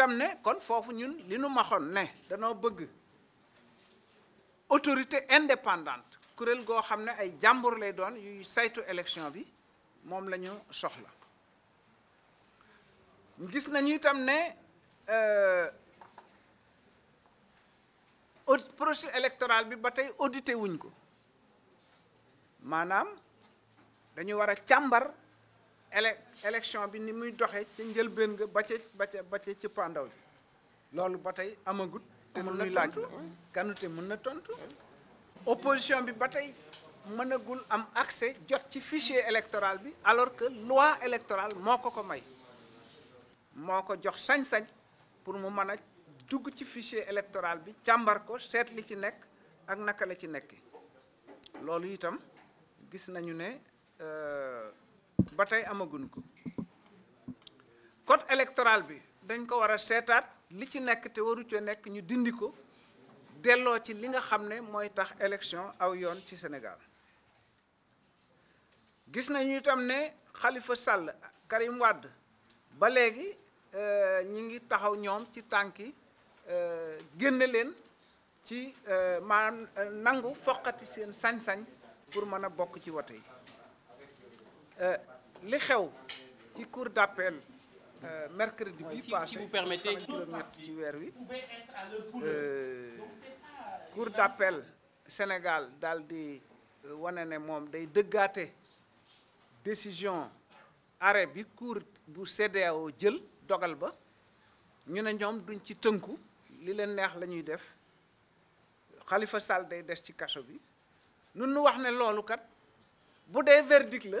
tam ne kon foofu ñun li nu maxoon ne danoo bëgg autorité indépendante kuréel goo xam ne ay jàmbur lay doon yuy saytu élection bi moom la ñu soxla gis nañu itam ne euh, processus électoral bi ba tey audité wuñ ko maanaam dañu war a càmbar ele bi ni muy doxee ci njëlbéen nga ba ca ba ca ba ca ci pandaw bi loolu ba amagut te mën muy laaj ganute mën na tontu opposition bi batay tey mënagul am accès jot ci fichier électoral bi alors que loi électorale moko ko may moko jox sañ-sañ pour mu mën a dugg ci fichier électoral bi càmbar ko seet li ci nek ak naka la ci nekk lolu itam gis nañu ne euh, ba amaguñ ko code électoral bi dañ ko war a seetaat li ci nekk te waru cee nekk ñu dindi ko delloo ci li nga xam ne mooy tax élection aw yoon ci Sénégal gis nañu itam ne Khalifa Sall Karim Wade ba léegi euh, ñi ngi taxaw ñoom ci tànki euh, génne leen ci euh, maanaam nangu foqati seen sañ-sañ pour mën a bokk ci wote yi li xew ci cour d'appel euh, mercredi bi passé kilomètre ci weer wi euh, cour d'appel Sénégal daal di euh, wane ne moom day dëggaate décision arrêt bi cour bu CEDEAO jël dogal ba ñu ne ñoom duñ ci tënku li leen neex la ñuy def Khalifa Sall day des ci kaso bi nun nu wax ne loolu kat bu dee verdict la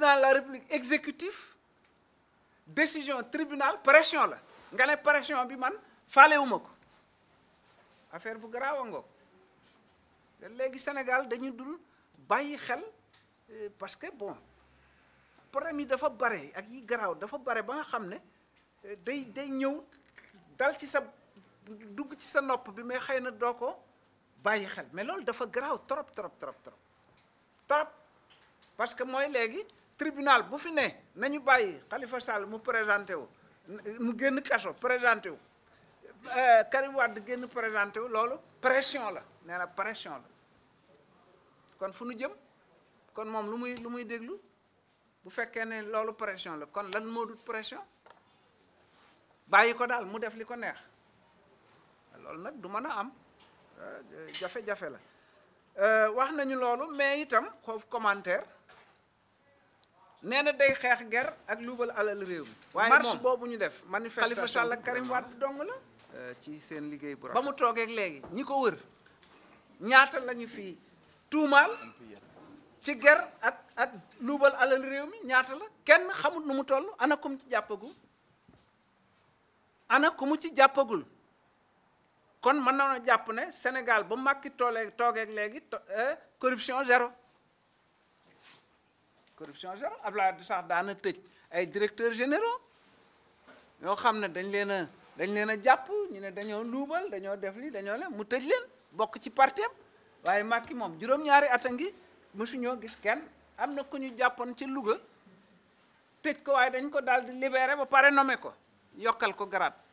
dans la république exécutive, décision tribunal pression la nga pression bi man affaire bu a Sénégal dañu dul euh, parce que bon problème dafa ak yi dafa mais xeyna doko mais trop trop trop trop trop parce que moi tribunal bu fi né, nañu bàyyi Khalifa Sall mu présenté wu mu génn kaso présenté wu euh, Karim Wade génn présenté wu loolu pression la nee na pression la kon fu nu jëm kon moom lu muy lu muy déglu bu fekkee ne loolu pression la kon lan moo dut pression bàyyi ko daal mu def li ko neex loolu nag du mën a am euh, jafe-jafe la euh, wax nañu loolu mais itam xoofu commentaire nee na day xeex ger ak luubal alal réew mi. waaye marche boobu ñu def. manifestation Khalifa Sall ak dong la. Euh, ci seen liggéey bu ba mu toogeeg léegi ñi ko wër ñaata lañu fi tuumaal ci ger ak ak luubal alal réew mi ñaata la kenn xamut nu mu toll ana kum ci jàppagul ana ku mu ci jàppagul kon mën na jàpp ne Sénégal ba màkki toolee toogeeg léegi euh, corruption zéro corruption zéro Abdoulaye Wade sax a tëj ay directeurs généraux yoo xam ne dañ leen a dañ leen a jàpp ñu ne dañoo luubal dañoo def li dañoo leen mu tëj leen bokk ci parteem waaye Macky moom juróom-ñaari at a ngi ñoo gis kenn am na ku ñu jàppoon ci Louga tëj ko waaye dañ ko daal di libéré ba pare nommé ko yokkal ko garaat